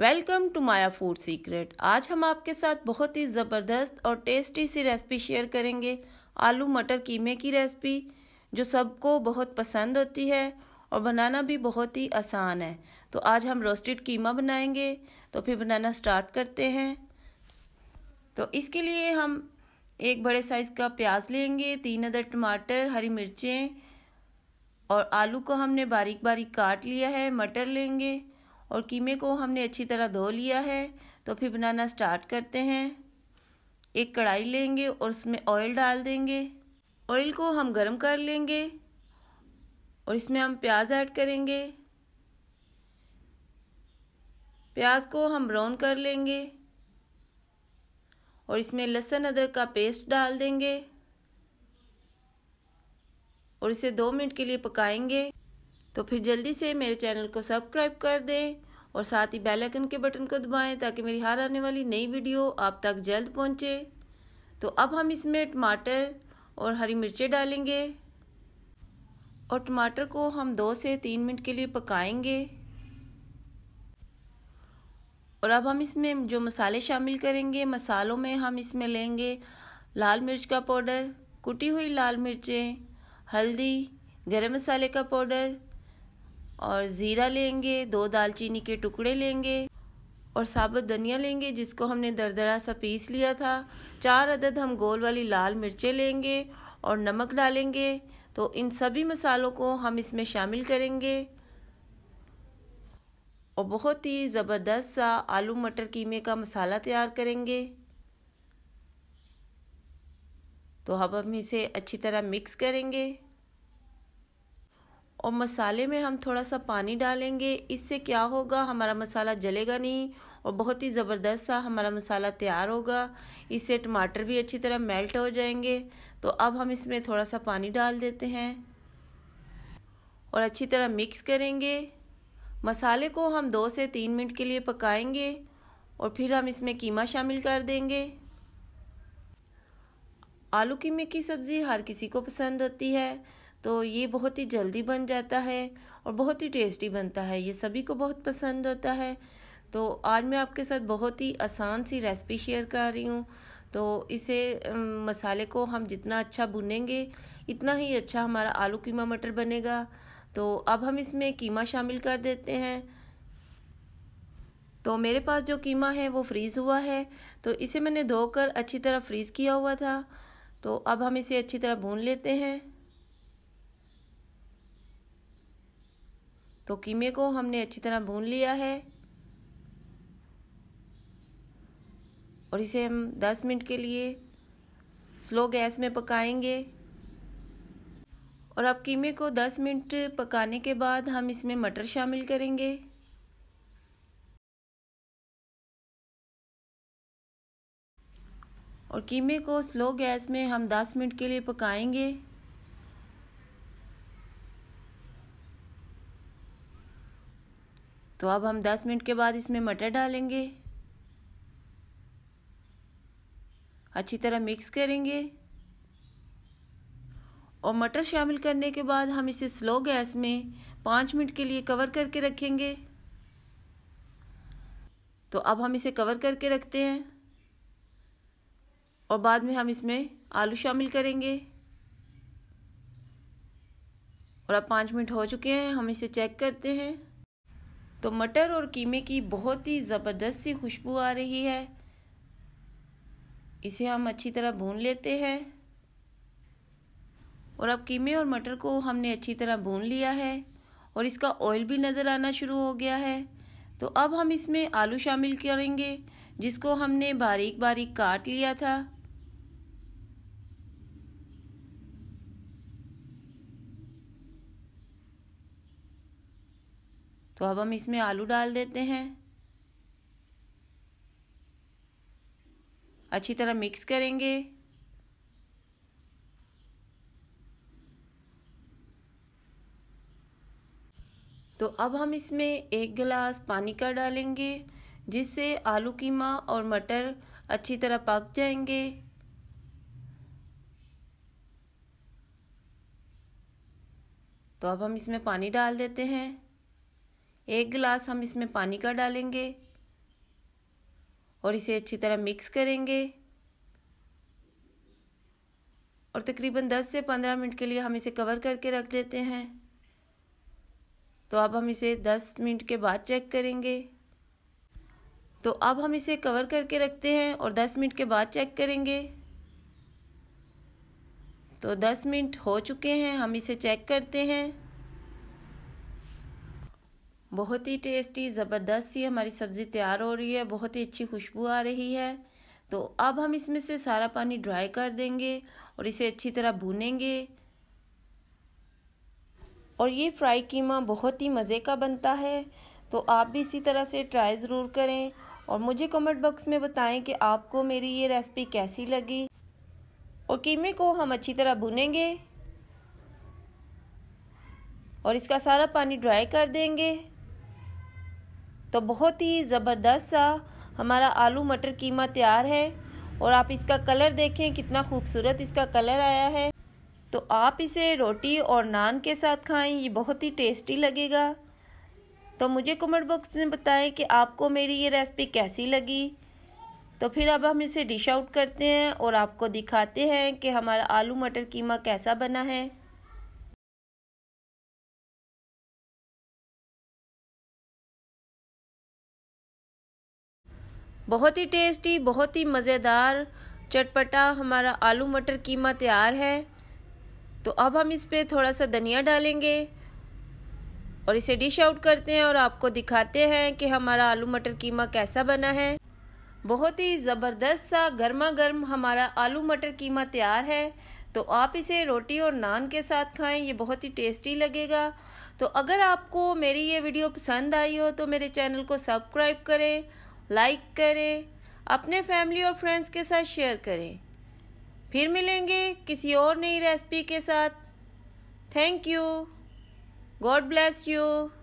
welcome to Maya food secret आज हम आपके साथ बहुत ही ज़बरदस्त और टेस्टी सी रेसिपी शेयर करेंगे आलू मटर कीमे की रेसिपी जो सबको बहुत पसंद होती है और बनाना भी बहुत ही आसान है तो आज हम रोस्टेड कीमा बनाएंगे तो फिर बनाना स्टार्ट करते हैं तो इसके लिए हम एक बड़े साइज़ का प्याज लेंगे तीन अदर टमाटर हरी मिर्चें और आलू को हमने बारीक बारीक काट लिया है मटर लेंगे और कीमे को हमने अच्छी तरह धो लिया है तो फिर बनाना स्टार्ट करते हैं एक कढ़ाई लेंगे और उसमें ऑयल डाल देंगे ऑयल को हम गर्म कर लेंगे और इसमें हम प्याज ऐड करेंगे प्याज को हम ब्राउन कर लेंगे और इसमें लहसुन अदरक का पेस्ट डाल देंगे और इसे दो मिनट के लिए पकाएंगे तो फिर जल्दी से मेरे चैनल को सब्सक्राइब कर दें और साथ ही बेल आइकन के बटन को दबाएं ताकि मेरी हर आने वाली नई वीडियो आप तक जल्द पहुंचे तो अब हम इसमें टमाटर और हरी मिर्चें डालेंगे और टमाटर को हम दो से तीन मिनट के लिए पकाएंगे और अब हम इसमें जो मसाले शामिल करेंगे मसालों में हम इसमें लेंगे लाल मिर्च का पाउडर कुटी हुई लाल मिर्चें हल्दी गरम मसाले का पाउडर और ज़ीरा लेंगे दो दालचीनी के टुकड़े लेंगे और साबुत धनिया लेंगे जिसको हमने दरदरा सा पीस लिया था चार अदद हम गोल वाली लाल मिर्चें लेंगे और नमक डालेंगे तो इन सभी मसालों को हम इसमें शामिल करेंगे और बहुत ही ज़बरदस्त सा आलू मटर कीमे का मसाला तैयार करेंगे तो अब हम इसे अच्छी तरह मिक्स करेंगे और मसाले में हम थोड़ा सा पानी डालेंगे इससे क्या होगा हमारा मसाला जलेगा नहीं और बहुत ही ज़बरदस्त सा हमारा मसाला तैयार होगा इससे टमाटर भी अच्छी तरह मेल्ट हो जाएंगे तो अब हम इसमें थोड़ा सा पानी डाल देते हैं और अच्छी तरह मिक्स करेंगे मसाले को हम दो से तीन मिनट के लिए पकाएंगे और फिर हम इसमें कीमा शामिल कर देंगे आलू कीमे की सब्ज़ी हर किसी को पसंद होती है तो ये बहुत ही जल्दी बन जाता है और बहुत ही टेस्टी बनता है ये सभी को बहुत पसंद होता है तो आज मैं आपके साथ बहुत ही आसान सी रेसिपी शेयर कर रही हूँ तो इसे मसाले को हम जितना अच्छा भुनेंगे इतना ही अच्छा हमारा आलू कीमा मटर बनेगा तो अब हम इसमें कीमा शामिल कर देते हैं तो मेरे पास जो कीमा है वो फ्रीज़ हुआ है तो इसे मैंने धोकर अच्छी तरह फ्रीज़ किया हुआ था तो अब हम इसे अच्छी तरह भून लेते हैं तो कीमे को हमने अच्छी तरह भून लिया है और इसे हम 10 मिनट के लिए स्लो गैस में पकाएंगे और अब कीमे को 10 मिनट पकाने के बाद हम इसमें मटर शामिल करेंगे और कीमे को स्लो गैस में हम 10 मिनट के लिए पकाएंगे तो अब हम 10 मिनट के बाद इसमें मटर डालेंगे अच्छी तरह मिक्स करेंगे और मटर शामिल करने के बाद हम इसे स्लो गैस में पाँच मिनट के लिए कवर करके रखेंगे तो अब हम इसे कवर करके रखते हैं और बाद में हम इसमें आलू शामिल करेंगे और अब पाँच मिनट हो चुके हैं हम इसे चेक करते हैं तो मटर और कीमे की बहुत ही ज़बरदस्त सी खुशबू आ रही है इसे हम अच्छी तरह भून लेते हैं और अब कीमे और मटर को हमने अच्छी तरह भून लिया है और इसका ऑयल भी नज़र आना शुरू हो गया है तो अब हम इसमें आलू शामिल करेंगे जिसको हमने बारीक बारीक काट लिया था तो अब हम इसमें आलू डाल देते हैं अच्छी तरह मिक्स करेंगे तो अब हम इसमें एक गिलास पानी का डालेंगे जिससे आलू कीमा और मटर अच्छी तरह पक जाएंगे तो अब हम इसमें पानी डाल देते हैं एक गिलास हम इसमें पानी का डालेंगे और इसे अच्छी तरह मिक्स करेंगे और तकरीबन 10 से 15 मिनट के लिए हम इसे कवर करके रख देते हैं तो अब हम इसे 10 मिनट के बाद चेक करेंगे तो अब हम इसे कवर करके रखते हैं और 10 मिनट के बाद चेक करेंगे तो 10 मिनट हो चुके हैं हम इसे चेक करते हैं बहुत ही टेस्टी ज़बरदस्त सी हमारी सब्ज़ी तैयार हो रही है बहुत ही अच्छी खुशबू आ रही है तो अब हम इसमें से सारा पानी ड्राई कर देंगे और इसे अच्छी तरह भूनेंगे और ये फ्राई कीमा बहुत ही मज़े का बनता है तो आप भी इसी तरह से ट्राई ज़रूर करें और मुझे कमेंट बॉक्स में बताएं कि आपको मेरी ये रेसिपी कैसी लगी और कीमे को हम अच्छी तरह भुनेंगे और इसका सारा पानी ड्राई कर देंगे तो बहुत ही ज़बरदस्त सा हमारा आलू मटर कीमा तैयार है और आप इसका कलर देखें कितना खूबसूरत इसका कलर आया है तो आप इसे रोटी और नान के साथ खाएं ये बहुत ही टेस्टी लगेगा तो मुझे कमेंट बॉक्स में बताएं कि आपको मेरी ये रेसिपी कैसी लगी तो फिर अब हम इसे डिश आउट करते हैं और आपको दिखाते हैं कि हमारा आलू मटर कीमा कैसा बना है बहुत ही टेस्टी बहुत ही मज़ेदार चटपटा हमारा आलू मटर कीमा तैयार है तो अब हम इस पर थोड़ा सा धनिया डालेंगे और इसे डिश आउट करते हैं और आपको दिखाते हैं कि हमारा आलू मटर कीमा कैसा बना है बहुत ही ज़बरदस्त सा गर्मा गर्म हमारा आलू मटर कीमा तैयार है तो आप इसे रोटी और नान के साथ खाएं ये बहुत ही टेस्टी लगेगा तो अगर आपको मेरी ये वीडियो पसंद आई हो तो मेरे चैनल को सब्सक्राइब करें लाइक करें अपने फैमिली और फ्रेंड्स के साथ शेयर करें फिर मिलेंगे किसी और नई रेसिपी के साथ thank you God bless you